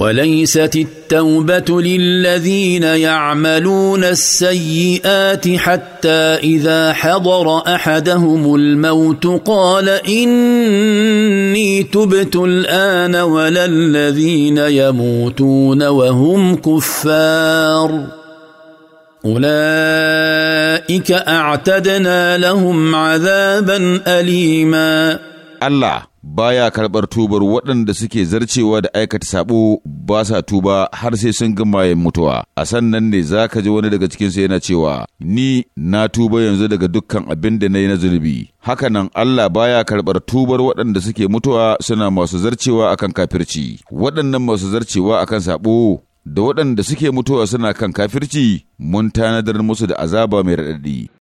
وليست التوبه للذين يعملون السيئات حتى اذا حضر احدهم الموت قال اني تبت الان ولا الذين يموتون وهم كفار اولئك اعتدنا لهم عذابا اليما Allah baya karɓar tubar waɗanda suke zarcewa da aikata sabo ba sa tuba har sai sun gama yin mutuwa a sannan ne za ka ji wani daga cikinsu yana cewa ni na tuba yanzu daga dukkan abin da na yi na zunubi hakanan Allah baya karɓar tubar waɗanda suke mutuwa suna masu zarcewa akan kafirci waɗannan masu zarcewa akan sabo da waɗanda suke mutuwa suna kan kafirci mun tanadar musu da azaba mai raɗaɗi